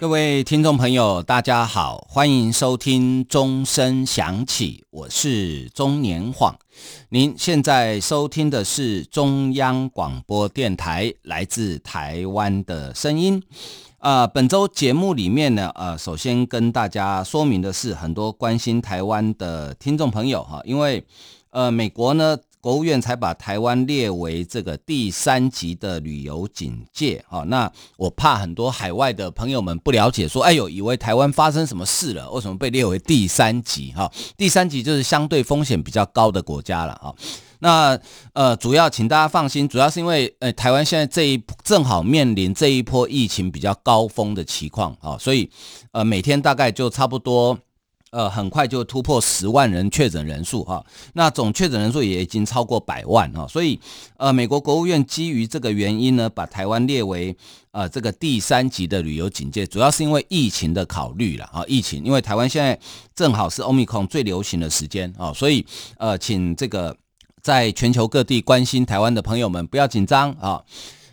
各位聽眾朋友，大家好，歡迎收聽鐘聲響起，我是鍾年晃。您現在收聽的是中央廣播電臺來自臺灣的聲音。呃，本周節目裡面呢，呃，首先跟大家說明的是，很多關心臺灣的聽眾朋友哈，因為呃，美國呢。國務院才把台灣列為這個第三級的旅遊警戒啊，那我怕很多海外的朋友們不了解，說哎呦，以為台灣發生什麼事了？為什麼被列為第三級？哈，第三級就是相對風險比較高的國家了哈，那呃，主要請大家放心，主要是因為呃，台灣現在這一正好面臨這一波疫情比較高峰的情況啊，所以呃，每天大概就差不多。呃，很快就突破十萬人確診人數哈，啊，那總確診人數也已經超過百萬啊，所以，呃，美國國務院基於這個原因呢，把台灣列為呃，這個第三級的旅遊警戒，主要是因為疫情的考慮了啊，疫情，因為台灣現在正好是 Omicron 最流行的時間啊，所以，呃，請這個在全球各地關心台灣的朋友們不要緊張啊。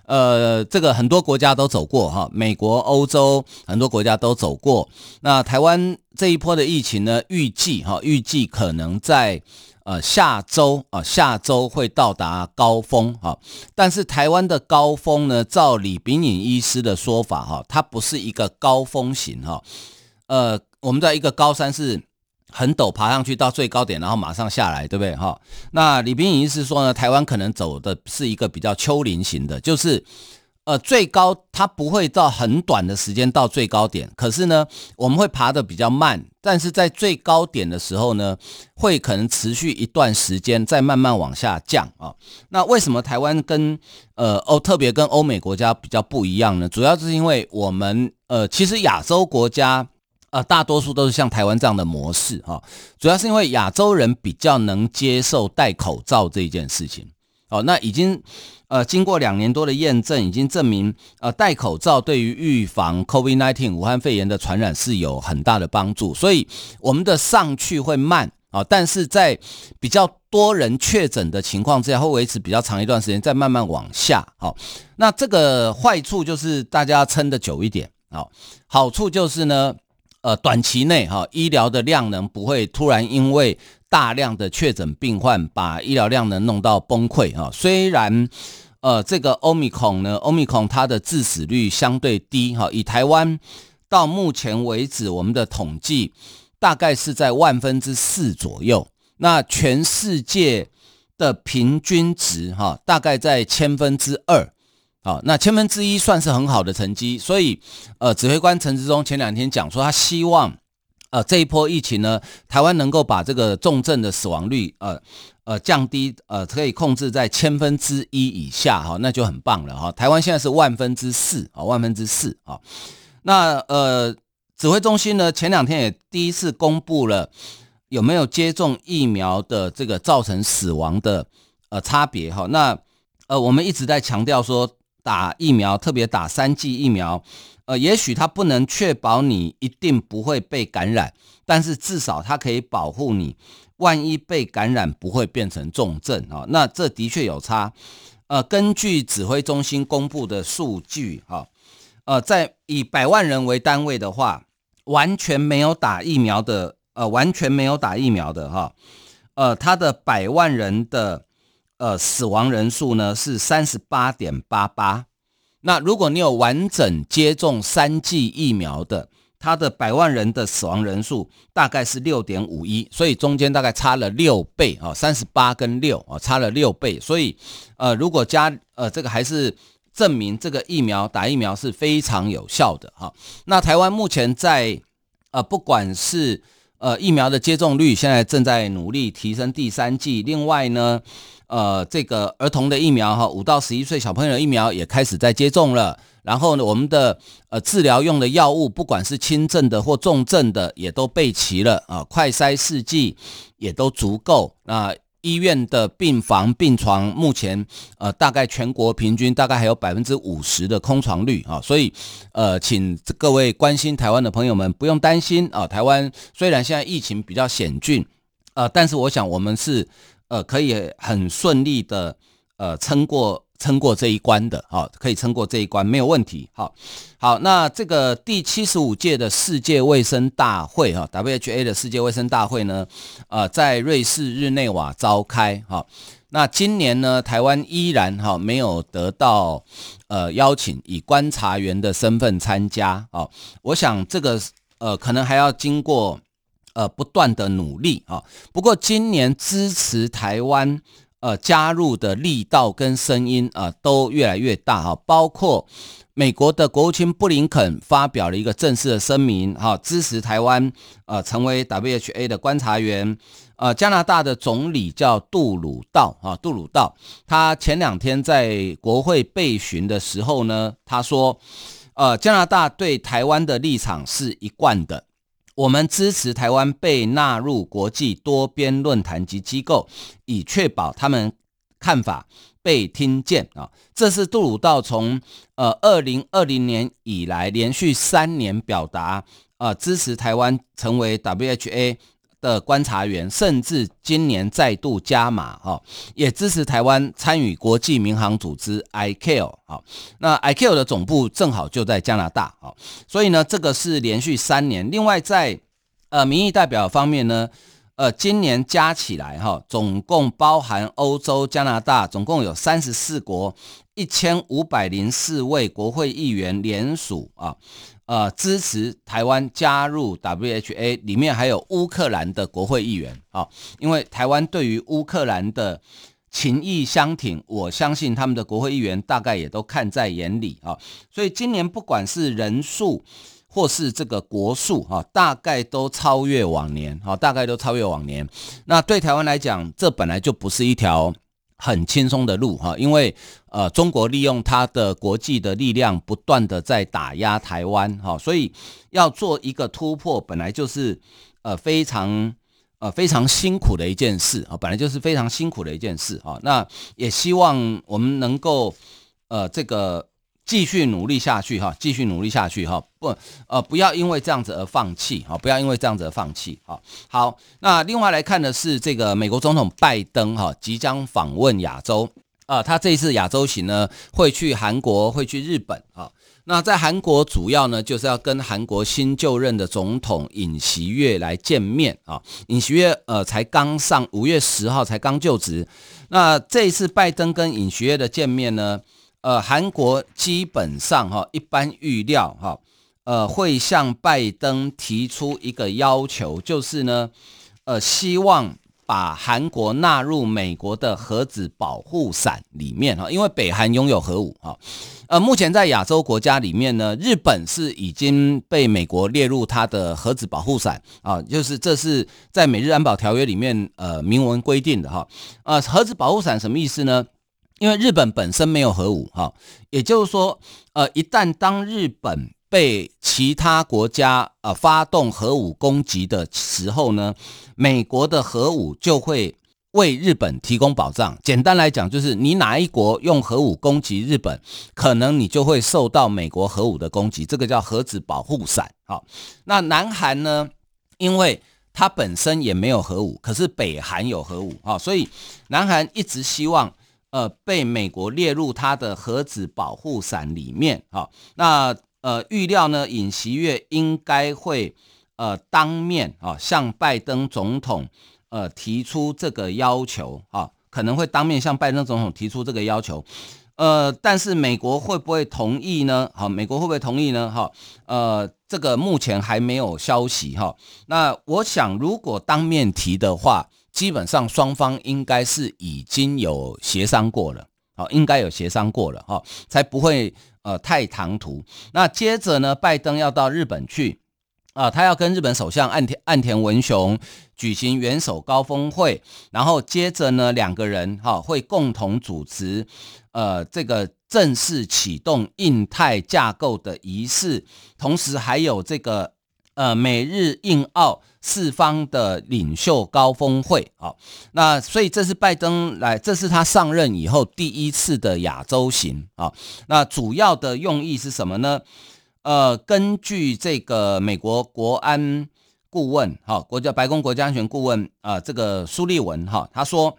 呃，這個很多國家都走過哈，美國、歐洲很多國家都走過。那台灣這一波的疫情呢，預計哈，預計可能在呃下週啊，下週會到達高峰哈，但是台灣的高峰呢，照李秉穎醫師的說法哈，它不是一個高峰型哈。呃，我們在一個高山是。很陡，爬上去到最高點，然後馬上下來，對不對？哈，那李斌儀是說呢，台灣可能走的是一個比較丘陵型的，就是，呃，最高它不會到很短的時間到最高點，可是呢，我們會爬得比較慢，但是在最高點的時候呢，會可能持續一段時間，再慢慢往下降啊、哦。那為什麼台灣跟呃哦特別跟歐美國家比較不一樣呢？主要是因為我們呃，其實亞洲國家。呃，大多數都是像台灣這樣的模式、哦、主要是因為亞洲人比較能接受戴口罩這一件事情。哦，那已經呃經過兩年多的驗證，已經證明呃戴口罩對於預防 COVID-19、武漢肺炎的傳染是有很大的幫助。所以我們的上去會慢啊、哦，但是在比較多人確診的情況之下，會維持比較長一段時間，再慢慢往下、哦。那這個壞處就是大家撐得久一點啊、哦，好處就是呢。呃，短期內哈，醫療的量能不會突然因為大量的確診病患把醫療量能弄到崩潰哈，雖然，呃，這個歐米孔呢，歐米孔它的致死率相對低哈，以台灣到目前為止我們的統計大概是在萬分之四左右，那全世界的平均值哈，大概在千分之二。啊、哦，那千分之一算是很好的成績，所以，呃，指揮官陳時中前兩天講說，他希望，呃，這一波疫情呢，台灣能夠把這個重症的死亡率，呃，呃，降低，呃，可以控制在千分之一以下，哈、哦，那就很棒了，哈、哦。台灣現在是萬分之四、哦，啊，萬分之四，啊，那呃，指揮中心呢，前兩天也第一次公布了有沒有接種疫苗的這個造成死亡的呃差別，哈、哦，那呃，我們一直在強調說。打疫苗，特別打三劑疫苗，呃，也許它不能確保你一定不會被感染，但是至少它可以保護你，萬一被感染不會變成重症啊、哦。那這的確有差。呃，根據指揮中心公布的數據，哈、哦，呃，在以百萬人為單位的話，完全沒有打疫苗的，呃，完全沒有打疫苗的哈、哦，呃，他的百萬人的。呃，死亡人數呢，是三十八點八八，那如果你有完整接種三劑疫苗的，它的百萬人的死亡人數大概是六點五一，所以中間大概差了六倍啊，三十八跟六啊、哦，差了六倍，所以呃，如果加呃，這個還是證明這個疫苗打疫苗是非常有效的哈、哦。那台灣目前在呃，不管是呃疫苗的接種率，現在正在努力提升第三劑，另外呢。呃，這個兒童的疫苗哈，五到十一歲小朋友的疫苗也開始在接種了。然後呢，我們的呃治療用的藥物，不管是輕症的或重症的，也都備齊了啊、呃。快篩試劑也都足夠。那、呃、醫院的病房病床目前呃，大概全國平均大概還有百分之五十的空床率啊、呃。所以呃，請各位關心台灣的朋友們不用擔心啊、呃。台灣雖然現在疫情比較險峻啊、呃，但是我想我們是。呃，可以很順利的，呃，撐過撐過這一關的啊、哦，可以撐過這一關，沒有問題。好、哦，好，那這個第七十五屆的世界衛生大會啊、哦，WHA 的世界衛生大會呢，啊、呃，在瑞士日內瓦召開。好、哦，那今年呢，台灣依然哈、哦，沒有得到呃邀請，以觀察員的身份參加。啊、哦，我想這個呃，可能還要經過。呃，不斷的努力啊。不過今年支持台灣呃加入的力道跟聲音啊、呃，都越來越大哈、啊。包括美國的國務卿布林肯發表了一個正式的聲明哈、啊，支持台灣呃成為 WHA 的觀察員。呃，加拿大的總理叫杜魯道啊，杜魯道，他前兩天在國會備詢的時候呢，他說，呃，加拿大對台灣的立場是一貫的。我們支持台灣被納入國際多邊論壇及機構，以確保他們看法被聽見啊！這是杜魯道從呃二零二零年以來連續三年表達呃、啊、支持台灣成為 WHA。的觀察員，甚至今年再度加碼哈、哦，也支持台灣參與國際民航組織 ICAO、哦。那 ICAO 的總部正好就在加拿大。好、哦，所以呢，這個是連續三年。另外在，在呃民意代表方面呢，呃，今年加起來哈、哦，總共包含歐洲、加拿大，總共有三十四國一千五百零四位國會議員聯署啊。哦呃，支持台灣加入 WHA 裡面還有烏克蘭的國會議員啊、哦，因為台灣對於烏克蘭的情誼相挺，我相信他們的國會議員大概也都看在眼裡啊、哦。所以今年不管是人數或是這個國數啊、哦，大概都超越往年啊、哦，大概都超越往年。那對台灣來講，這本來就不是一條很輕鬆的路哈，因為呃，中國利用它的國際的力量，不斷的在打壓台灣哈、哦，所以要做一個突破，本來就是呃非常呃非常辛苦的一件事啊、哦，本來就是非常辛苦的一件事啊、哦，那也希望我們能夠呃這個。繼續努力下去哈，繼續努力下去哈，不呃不要因為這樣子而放棄哈，不要因為這樣子而放棄哈、哦哦。好，那另外來看的是這個美國總統拜登哈、哦、即將訪問亞洲啊、呃，他這一次亞洲行呢會去韓國，會去日本啊、哦。那在韓國主要呢就是要跟韓國新就任的總統尹錫悅來見面啊、哦。尹錫悅呃才剛上五月十號才剛就職，那這一次拜登跟尹錫悅的見面呢？呃，韓國基本上哈、哦、一般預料哈、哦，呃，會向拜登提出一個要求，就是呢，呃，希望把韓國納入美國的核子保護傘裡面哈、哦，因為北韓擁有核武哈、哦。呃，目前在亞洲國家裡面呢，日本是已經被美國列入它的核子保護傘啊、哦，就是這是在美日安保條約裡面呃明文規定的哈。啊、哦呃，核子保護傘什麼意思呢？因為日本本身沒有核武，哈，也就是說，呃，一旦當日本被其他國家呃發動核武攻擊的時候呢，美國的核武就會為日本提供保障。簡單來講，就是你哪一國用核武攻擊日本，可能你就會受到美國核武的攻擊，這個叫核子保護傘，好。那南韓呢，因為它本身也沒有核武，可是北韓有核武啊，所以南韓一直希望。呃，被美國列入他的核子保護傘裡面啊、哦，那呃預料呢，尹錫悅應該會呃當面啊、哦、向拜登總統呃提出這個要求啊、哦，可能會當面向拜登總統提出這個要求，呃，但是美國會不會同意呢？好、哦，美國會不會同意呢？哈、哦，呃，這個目前還沒有消息哈、哦。那我想，如果當面提的話。基本上雙方應該是已經有協商過了，哦，應該有協商過了哈，才不會呃太唐突。那接着呢，拜登要到日本去啊、呃，他要跟日本首相岸田岸田文雄舉行元首高峰會，然後接着呢，兩個人哈、呃、會共同主持呃這個正式啟動印太架構的儀式，同時還有這個。呃，美日印澳四方的領袖高峰會啊、哦，那所以這是拜登來，這是他上任以後第一次的亞洲行啊、哦。那主要的用意是什麼呢？呃，根據這個美國國安顧問，哈、哦，國家白宮國家安全顧問啊、呃，這個蘇利文哈，他、哦、說。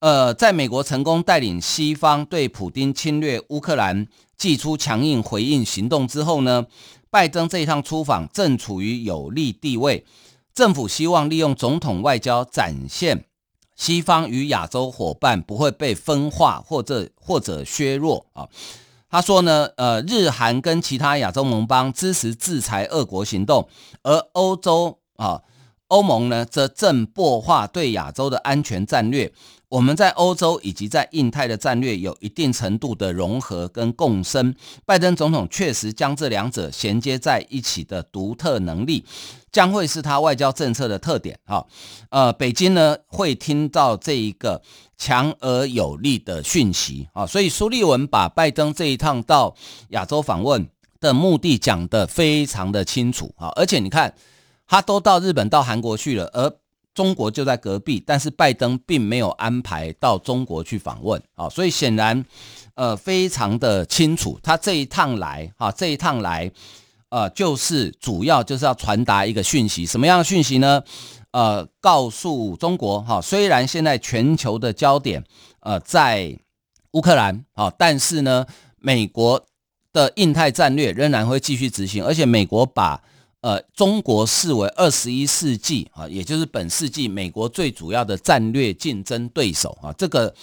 呃，在美國成功帶領西方對普丁侵略烏克蘭祭出強硬回應行動之後呢，拜登這一趟出訪正處於有利地位。政府希望利用總統外交展現西方與亞洲夥伴不會被分化或者或者削弱啊。他說呢，呃，日韓跟其他亞洲盟邦支持制裁俄國行動，而歐洲啊，歐盟呢則正擘劃對亞洲的安全戰略。我們在歐洲以及在印太的戰略有一定程度的融合跟共生。拜登總統確實將這兩者銜接在一起的獨特能力，將會是他外交政策的特點啊。呃，北京呢會聽到這一個強而有力的訊息啊。所以蘇立文把拜登這一趟到亞洲訪問的目的講得非常的清楚啊。而且你看，他都到日本、到韓國去了，而中國就在隔壁，但是拜登並沒有安排到中國去訪問啊、哦，所以顯然，呃，非常的清楚，他這一趟來啊、哦，這一趟來、呃，就是主要就是要傳達一個訊息，什麼樣的訊息呢？呃，告訴中國哈、哦，雖然現在全球的焦點呃在烏克蘭啊、哦，但是呢，美國的印太戰略仍然會繼續執行，而且美國把。呃，中國視為二十一世紀啊，也就是本世紀美國最主要的戰略競爭對手啊，這個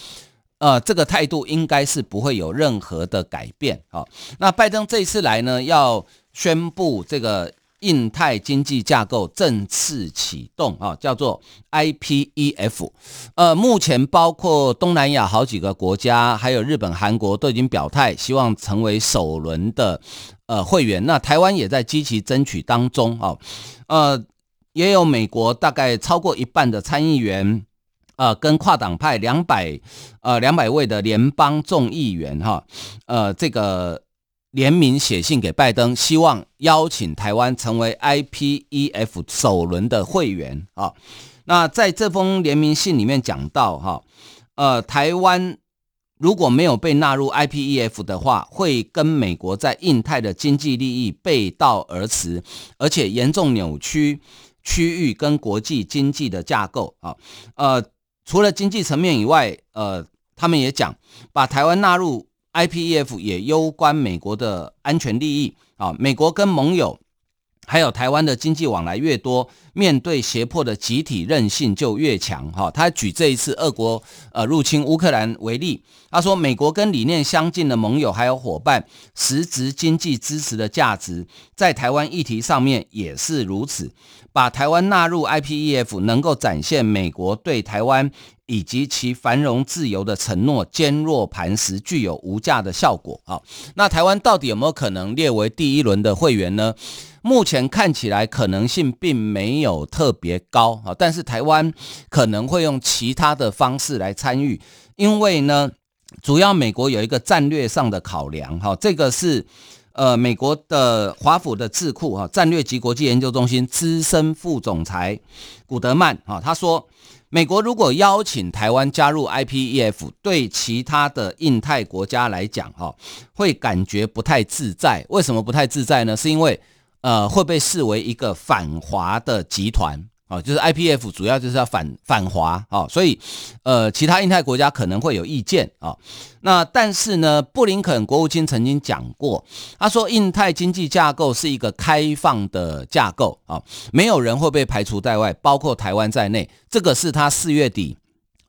呃，啊，這個態度應該是不會有任何的改變啊。那拜登這次來呢，要宣布這個印太經濟架構正式啟動啊，叫做 IPEF 啊。呃，目前包括東南亞好幾個國家，還有日本、韓國都已經表態，希望成為首輪的。呃，會員，那台灣也在積極爭取當中啊、哦，呃，也有美國大概超過一半的參議員啊、呃，跟跨黨派兩百呃兩百位的聯邦眾議員哈、哦，呃，這個聯名寫信給拜登，希望邀請台灣成為 IPEF 首輪的會員啊、哦。那在這封聯名信裡面講到哈、哦，呃，台灣。如果沒有被納入 IPEF 的話，會跟美國在印太的經濟利益背道而馳，而且嚴重扭曲區域跟國際經濟的架構啊。呃，除了經濟層面以外，呃，他們也講把台灣納入 IPEF 也攸關美國的安全利益啊。美國跟盟友。還有台灣的經濟往來越多，面對脅迫的集體韌性就越強。哈，他舉這一次俄國呃入侵烏克蘭為例，他說美國跟理念相近的盟友還有夥伴，實質經濟支持的價值，在台灣議題上面也是如此。把台灣納入 IPEF，能夠展現美國對台灣以及其繁榮自由的承諾堅若磐石，具有無價的效果。啊，那台灣到底有沒有可能列為第一輪的會員呢？目前看起來可能性並沒有特別高啊，但是台灣可能會用其他的方式來參與，因為呢，主要美國有一個戰略上的考量哈，這個是呃美國的華府的智庫啊，戰略及國際研究中心資深副總裁古德曼啊，他說，美國如果邀請台灣加入 IPEF，對其他的印太國家來講哈，會感覺不太自在，為什麼不太自在呢？是因為呃，會被視為一個反華的集團啊、哦，就是 IPF 主要就是要反反華啊、哦，所以，呃，其他印太國家可能會有意見啊、哦。那但是呢，布林肯國務卿曾經講過，他說印太經濟架構是一個開放的架構啊、哦，沒有人會被排除在外，包括台灣在內，這個是他四月底。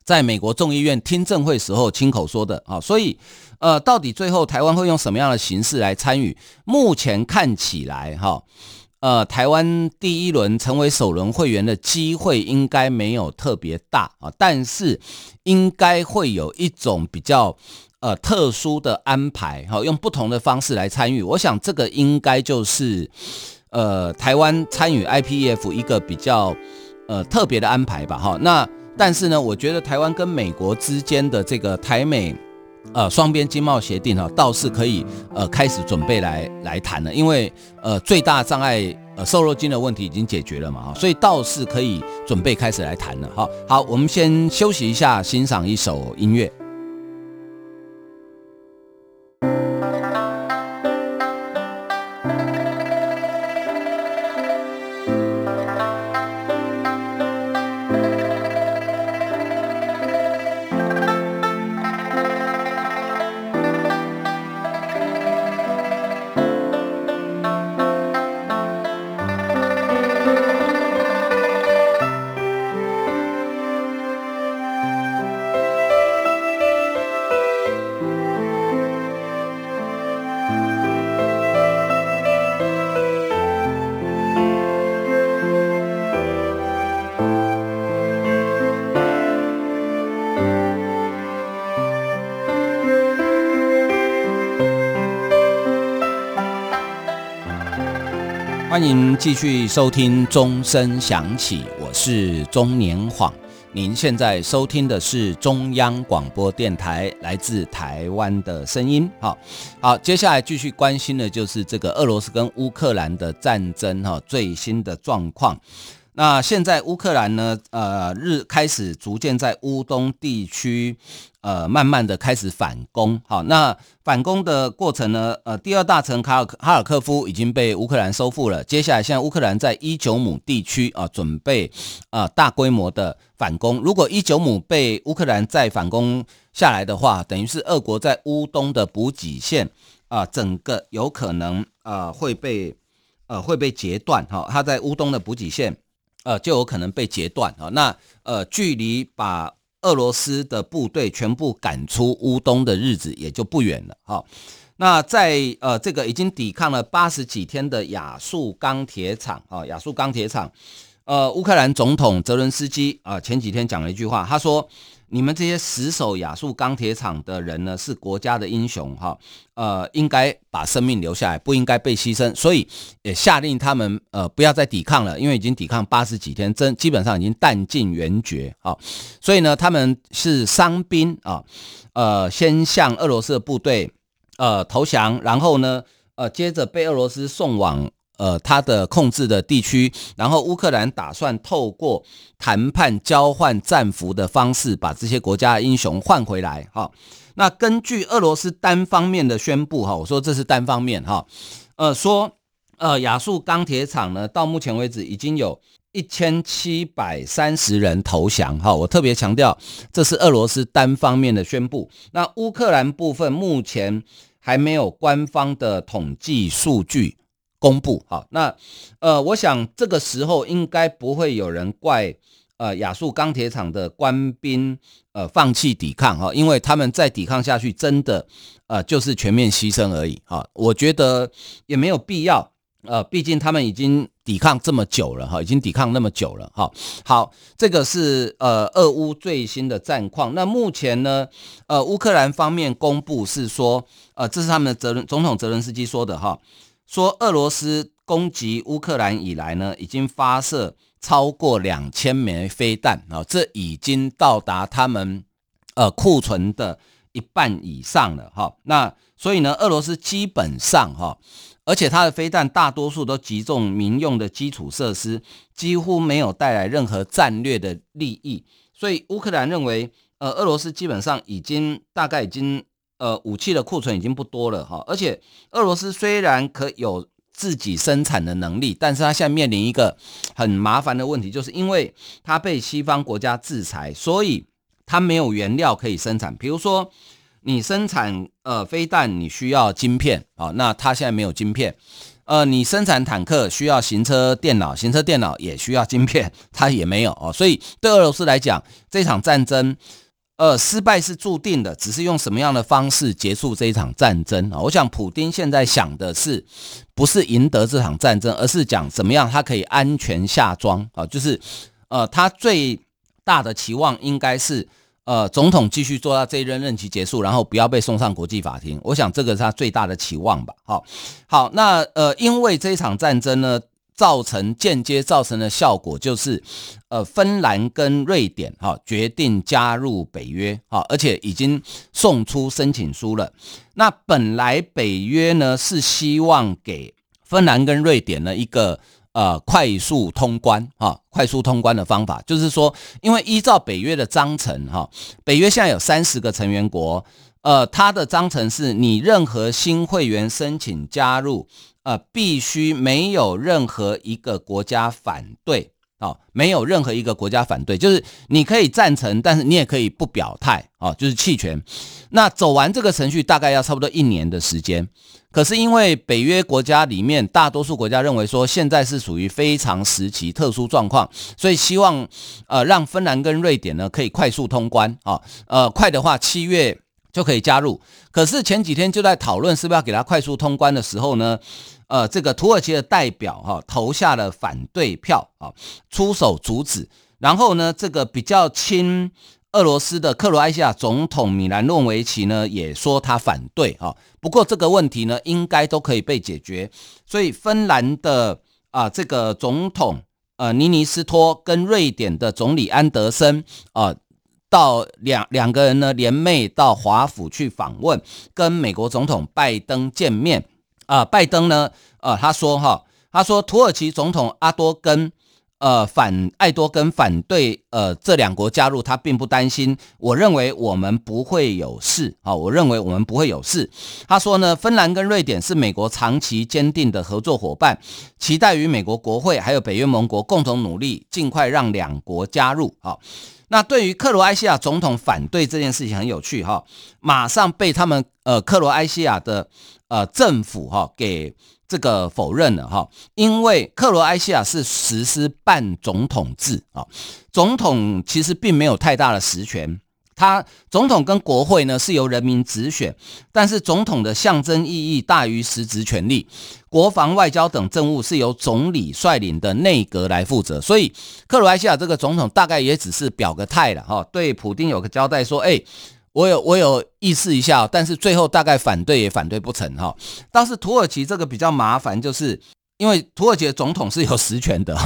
在美國眾議院聽證會時候親口說的啊，所以，呃，到底最後台灣會用什麼樣的形式來參與？目前看起來哈，呃，台灣第一輪成為首輪會員的機會應該沒有特別大啊，但是應該會有一種比較呃特殊的安排哈，用不同的方式來參與。我想這個應該就是呃台灣參與 IPF 一個比較呃特別的安排吧哈，呃，那。但是呢，我覺得台灣跟美國之間的這個台美，呃雙邊經貿協定哈，倒是可以呃開始準備來來談了，因為呃最大障礙呃瘦肉精的問題已經解決了嘛，所以倒是可以準備開始來談了哈。好，我們先休息一下，欣賞一首音樂。繼續收聽鐘聲響起，我是鍾年晃。您現在收聽的是中央廣播電台來自台灣的聲音。好，好，接下來繼續關心的就是這個俄羅斯跟烏克蘭的戰爭哈，最新的狀況。那現在烏克蘭呢？呃，日開始逐漸在烏東地區。呃，慢慢的開始反攻。好，那反攻的過程呢？呃，第二大城卡爾克哈爾科夫已經被烏克蘭收復了。接下來，現在烏克蘭在伊久姆地區啊、呃，準備啊、呃、大規模的反攻。如果伊久姆被烏克蘭再反攻下來的話，等於是俄國在烏東的補給線啊、呃，整個有可能啊、呃、會被呃會被截斷。哈、哦，他在烏東的補給線啊、呃、就有可能被截斷。哈、哦，那呃距離把。俄羅斯的部隊全部趕出烏東的日子也就不遠了。那在呃這個已經抵抗了八十幾天的亞速鋼鐵廠啊，亞速鋼鐵廠。呃，烏克蘭總統澤倫斯基啊，呃，前幾天講了一句話，他說：“你們這些死守亞速鋼鐵廠的人呢，是國家的英雄，哈、哦，呃，應該把生命留下來，不應該被犧牲。”所以也下令他們，呃，不要再抵抗了，因為已經抵抗八十幾天，真基本上已經彈盡援絕，哈、哦。所以呢，他們是傷兵啊，呃，先向俄羅斯的部隊，呃，投降，然後呢，呃，接着被俄羅斯送往。呃，他的控制的地區，然後烏克蘭打算透過談判交換戰俘的方式，把這些國家的英雄換回來。哈、哦，那根據俄羅斯單方面的宣布，哈、哦，我說這是單方面，哈、哦，呃，說，呃，亞速鋼鐵廠呢，到目前為止已經有一千七百三十人投降。哈、哦，我特別強調，這是俄羅斯單方面的宣布。那烏克蘭部分目前還沒有官方的統計數據。公布好，那呃，我想這個時候應該不會有人怪呃亞速鋼鐵廠的官兵呃放棄抵抗哈、哦，因為他們再抵抗下去，真的呃就是全面犧牲而已哈、哦。我覺得也沒有必要呃，畢竟他們已經抵抗這麼久了哈，已經抵抗那麼久了哈、哦。好，這個是呃俄烏最新的戰況。那目前呢，呃，烏克蘭方面公布是說，呃，這是他們的澤倫總統澤倫斯基說的哈。哦說俄羅斯攻擊烏克蘭以來呢，已經發射超過兩千枚飛彈啊、哦，這已經到達他們，呃，庫存的一半以上了哈、哦。那所以呢，俄羅斯基本上哈、哦，而且它的飛彈大多數都集中民用的基礎設施，幾乎沒有帶來任何戰略的利益。所以烏克蘭認為，呃，俄羅斯基本上已經大概已經。呃，武器的庫存已經不多了哈、哦，而且俄羅斯雖然可有自己生產的能力，但是它現在面臨一個很麻煩的問題，就是因為它被西方國家制裁，所以它沒有原料可以生產。比如說，你生產呃飛彈，你需要晶片啊、哦，那它現在沒有晶片；呃，你生產坦克需要行車電腦，行車電腦也需要晶片，它也沒有哦。所以對俄羅斯來講，這場戰爭。呃，失敗是注定的，只是用什麼樣的方式結束這一場戰爭啊？我想，普丁現在想的是，不是贏得這場戰爭，而是講怎麼樣他可以安全下莊。啊，就是，呃，他最大的期望應該是，呃，總統繼續做到這一任任期結束，然後不要被送上國際法庭。我想，這個是他最大的期望吧？好，好，那呃，因為這一場戰爭呢，造成間接造成的效果就是，呃，芬蘭跟瑞典哈、哦、決定加入北約哈、哦，而且已經送出申請書了。那本來北約呢是希望給芬蘭跟瑞典的一個呃快速通關哈、哦，快速通關的方法，就是說，因為依照北約的章程哈、哦，北約現在有三十個成員國，呃，它的章程是你任何新會員申請加入。呃，必須沒有任何一個國家反對，好、哦，沒有任何一個國家反對，就是你可以贊成，但是你也可以不表態，哦，就是棄權。那走完這個程序大概要差不多一年的時間，可是因為北約國家裡面大多數國家認為說現在是屬於非常時期、特殊狀況，所以希望呃讓芬蘭跟瑞典呢可以快速通關，啊、哦，呃，快的話七月。就可以加入，可是前幾天就在討論是不是要給他快速通關的時候呢，呃，這個土耳其的代表哈、哦、投下了反對票啊、哦，出手阻止。然後呢，這個比較親俄羅斯的克羅埃西亞總統米蘭諾維奇呢也說他反對啊、哦。不過這個問題呢應該都可以被解決，所以芬蘭的啊、呃、這個總統呃尼尼斯托跟瑞典的總理安德森啊。呃到兩兩個人呢聯袂到華府去訪問，跟美國總統拜登見面啊、呃。拜登呢，呃，他說哈，他說土耳其總統阿多根，呃，反艾多根反對，呃，這兩國加入，他並不擔心。我認為我們不會有事啊、哦。我認為我們不會有事。他說呢，芬蘭跟瑞典是美國長期堅定的合作伙伴，期待與美國國會還有北約盟國共同努力，儘快讓兩國加入啊。哦那對於克羅埃西亞總統反對這件事情很有趣哈，馬上被他們呃克羅埃西亞的呃政府哈給這個否認了哈，因為克羅埃西亞是實施半總統制啊，總統其實並沒有太大的實權。他總統跟國會呢是由人民直選，但是總統的象徵意義大於實質權力，國防外交等政務是由總理率領的內閣來負責，所以克羅埃西亞這個總統大概也只是表個態了哈，對普丁有個交代說，哎，我有我有意思一下，但是最後大概反對也反對不成哈。但是土耳其這個比較麻煩，就是因為土耳其的總統是有實權的，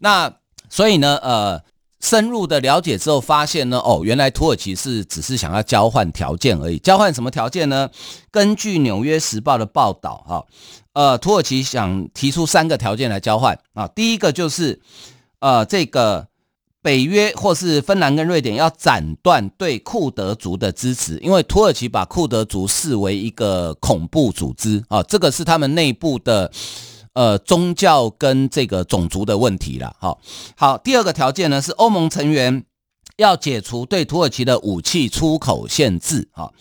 那所以呢，呃。深入的了解之後，發現呢，哦，原來土耳其是只是想要交換條件而已。交換什麼條件呢？根據《紐約時報》的報道，哈，呃，土耳其想提出三個條件來交換啊。第一個就是，呃，這個北約或是芬蘭跟瑞典要斬斷對庫德族的支持，因為土耳其把庫德族視為一個恐怖組織啊、哦。這個是他們內部的。呃，宗教跟這個種族的問題了，哈。好，第二個條件呢，是歐盟成員要解除對土耳其的武器出口限制，哈。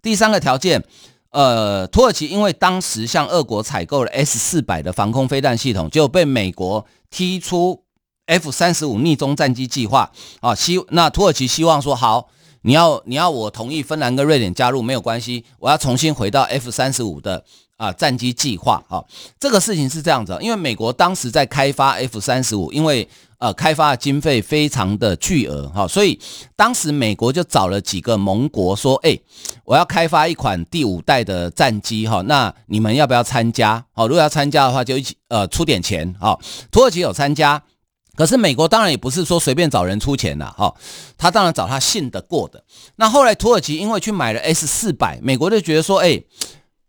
第三個條件，呃，土耳其因為當時向俄國採購了 S 四百的防空飛彈系統，就被美國踢出 F 三十五匿蹤戰機計劃，啊，希那土耳其希望說好，你要你要我同意芬蘭跟瑞典加入沒有關係，我要重新回到 F 三十五的。啊，戰機計劃啊，這個事情是這樣子，因為美國當時在開發 F 三十五，因為呃開發的經費非常的巨額哈、哦，所以當時美國就找了幾個盟國說，誒、欸，我要開發一款第五代的戰機哈、哦，那你們要不要參加？哦，如果要參加的話，就一起呃出點錢哈、哦。土耳其有參加，可是美國當然也不是說隨便找人出錢了、啊、哈、哦，他當然找他信得過的。那後來土耳其因為去買了 S 四百，美國就覺得說，誒、欸……’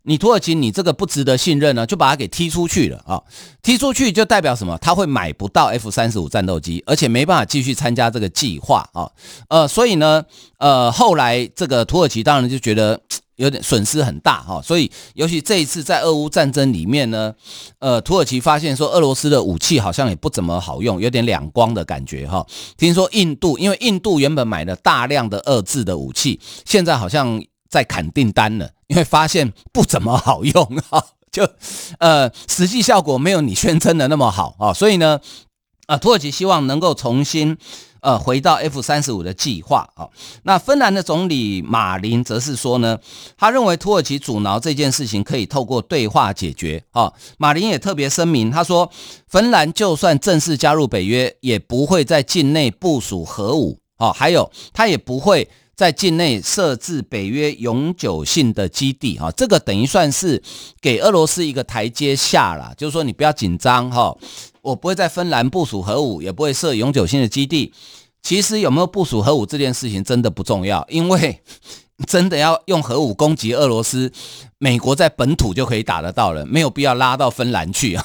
你土耳其，你這個不值得信任呢，就把他給踢出去了啊、哦！踢出去就代表什麼？他會買不到 F 三十五戰鬥機，而且沒辦法繼續參加這個計劃啊、哦。呃，所以呢，呃，後來這個土耳其當然就覺得有點損失很大哈、哦。所以，尤其這一次在俄烏戰爭裡面呢，呃，土耳其發現說俄羅斯的武器好像也不怎麼好用，有點兩光的感覺哈、哦。聽說印度，因為印度原本買了大量的俄制的武器，現在好像在砍訂單了。你會發現不怎麼好用啊，就，呃，實際效果沒有你宣稱的那麼好啊，所以呢，啊，土耳其希望能夠重新，呃，回到 F 三十五的計劃啊。那芬蘭的總理馬林則是說呢，他認為土耳其阻撓這件事情可以透過對話解決啊。馬林也特別聲明，他說，芬蘭就算正式加入北約，也不會在境內部署核武啊，還有他也不會。在境內設置北約永久性的基地，哈，這個等於算是給俄羅斯一個台階下啦，就是說，你不要緊張，哈，我不會在芬蘭部署核武，也不會設永久性的基地。其實有沒有部署核武這件事情真的不重要，因為真的要用核武攻擊俄羅斯，美國在本土就可以打得到了，沒有必要拉到芬蘭去。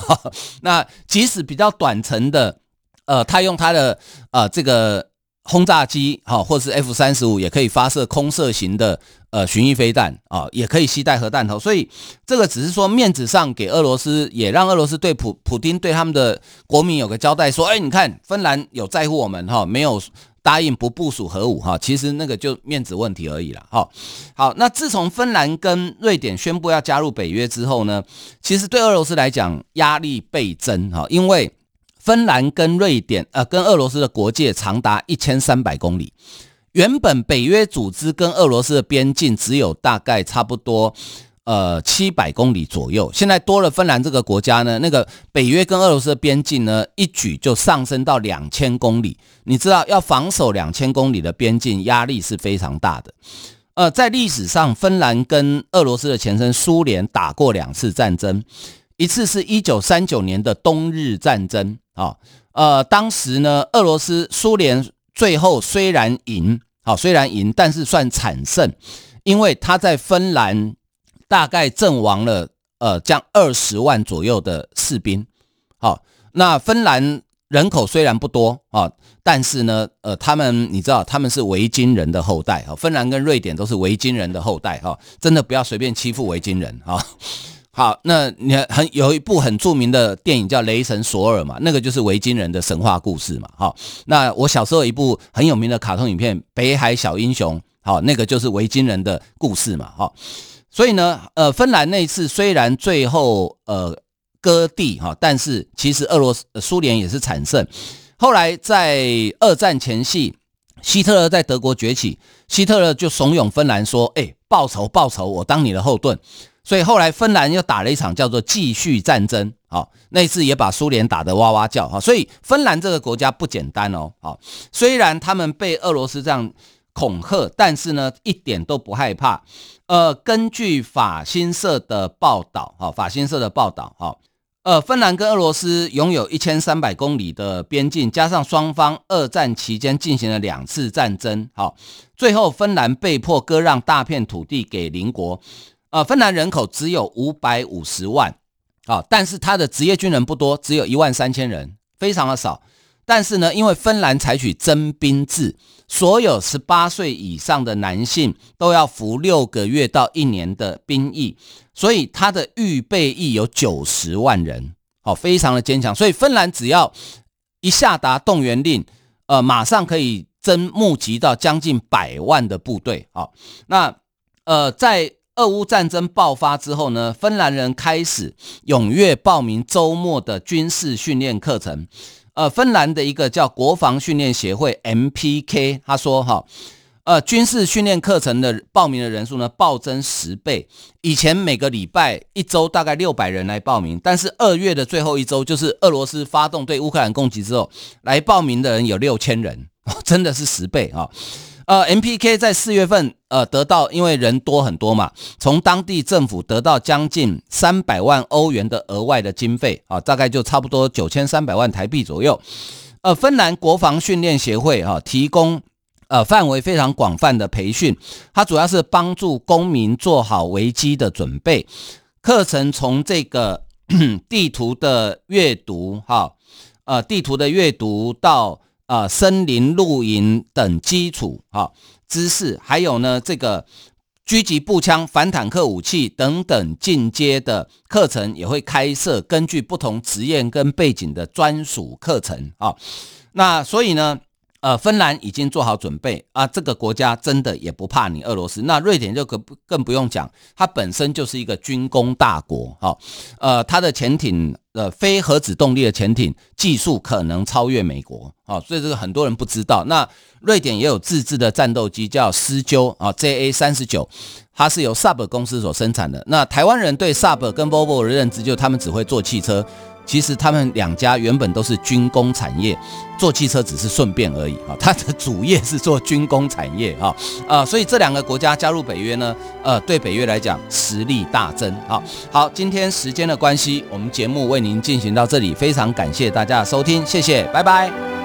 那即使比較短程的，呃，他用他的，呃，這個。轟炸機哈，或者是 F 三十五，也可以發射空射型的呃巡弋飛彈啊、哦，也可以攜帶核彈頭，所以這個只是說面子上給俄羅斯，也讓俄羅斯對普普丁對他們的國民有個交代說，說、欸、哎，你看芬蘭有在乎我們哈、哦，沒有答應不部署核武哈、哦，其實那個就面子問題而已了哈、哦。好，那自從芬蘭跟瑞典宣布要加入北約之後呢，其實對俄羅斯來講壓力倍增哈、哦，因為。芬蘭跟瑞典，呃，跟俄羅斯的國界長達一千三百公里。原本北約組織跟俄羅斯的邊境只有大概差不多，呃，七百公里左右。現在多了芬蘭這個國家呢，那個北約跟俄羅斯的邊境呢，一舉就上升到兩千公里。你知道，要防守兩千公里的邊境，壓力是非常大的。呃，在歷史上，芬蘭跟俄羅斯的前身蘇聯打過兩次戰爭。一次是一九三九年的冬日戰爭，啊，呃，當時呢，俄羅斯蘇聯最後雖然贏，啊，雖然贏，但是算慘勝，因為他在芬蘭大概陣亡了，呃，將二十萬左右的士兵，好、哦，那芬蘭人口雖然不多啊、哦，但是呢，呃，他們你知道他們是維京人的後代，啊、哦，芬蘭跟瑞典都是維京人的後代，哈、哦，真的不要隨便欺負維京人，哈、哦。好，那你很有一部很著名的電影叫《雷神索爾》嘛，那個就是維京人的神話故事嘛。好，那我小時候有一部很有名的卡通影片《北海小英雄》，好，那個就是維京人的故事嘛。好，所以呢，呃，芬蘭那一次雖然最後呃割地哈，但是其實俄羅斯蘇聯，呃，也是慘勝。後來在二戰前夕，希特勒在德國崛起，希特勒就慫恿芬蘭說：“哎，欸，報仇報仇，我當你的後盾。”所以後來芬蘭又打了一場叫做繼續戰爭，那次也把蘇聯打得哇哇叫，哈，所以芬蘭這個國家不簡單哦，雖然他們被俄羅斯這樣恐嚇，但是呢，一點都不害怕，呃，根據法新社的報道，法新社的報道，呃，芬蘭跟俄羅斯擁有一千三百公里的邊境，加上雙方二戰期間進行了兩次戰爭，最後芬蘭被迫割讓大片土地給鄰國。呃，芬蘭人口只有五百五十萬，啊，但是他的職業軍人不多，只有一萬三千人，非常的少。但是呢，因為芬蘭採取徵兵制，所有十八歲以上的男性都要服六個月到一年的兵役，所以他的預備役有九十萬人，好，非常的堅強。所以芬蘭只要一下達動員令，呃，馬上可以徵，募集到將近百萬的部隊，哦，那呃，在。俄烏戰爭爆發之後呢，芬蘭人開始踴躍報名週末的軍事訓練課程。呃，芬蘭的一個叫國防訓練協會 MPK，他說哈、啊，呃，軍事訓練課程的報名的人數呢暴增十倍。以前每個禮拜一週大概六百人來報名，但是二月的最後一週，就是俄羅斯發動對烏克蘭攻擊之後，來報名的人有六千人，真的是十倍啊！呃，MPK 在四月份，呃，得到，因為人多很多嘛，從當地政府得到將近三百萬歐元的額外的經費啊，大概就差不多九千三百萬台幣左右。呃，芬蘭國防訓練協會哈、啊，提供呃範圍非常廣泛的培訓，它主要是幫助公民做好危機的準備。課程從這個地圖的閱讀哈，呃、啊，地圖的閱讀到。啊，森林露營等基礎啊知識，還有呢，這個狙擊步槍、反坦克武器等等進階的課程也會開設，根據不同職業跟背景的專屬課程啊。那所以呢？呃，芬蘭已經做好準備啊，這個國家真的也不怕你俄羅斯。那瑞典就更更不用講，它本身就是一個軍工大國哈、哦。呃，它的潛艇呃，非核子動力的潛艇技術可能超越美國啊、哦，所以這個很多人不知道。那瑞典也有自制的戰鬥機叫獅鷲啊，JA 三十九，JA39, 它是由薩博公司所生產的。那台灣人對薩博跟 Volvo 的認知，就是他們只會做汽車。其實他們兩家原本都是軍工產業，做汽車只是順便而已啊。他的主業是做軍工產業哈啊，呃，所以這兩個國家加入北約呢，呃，對北約來講實力大增啊。好，今天時間的關係，我們節目為您進行到這裡，非常感謝大家的收聽，謝謝，拜拜。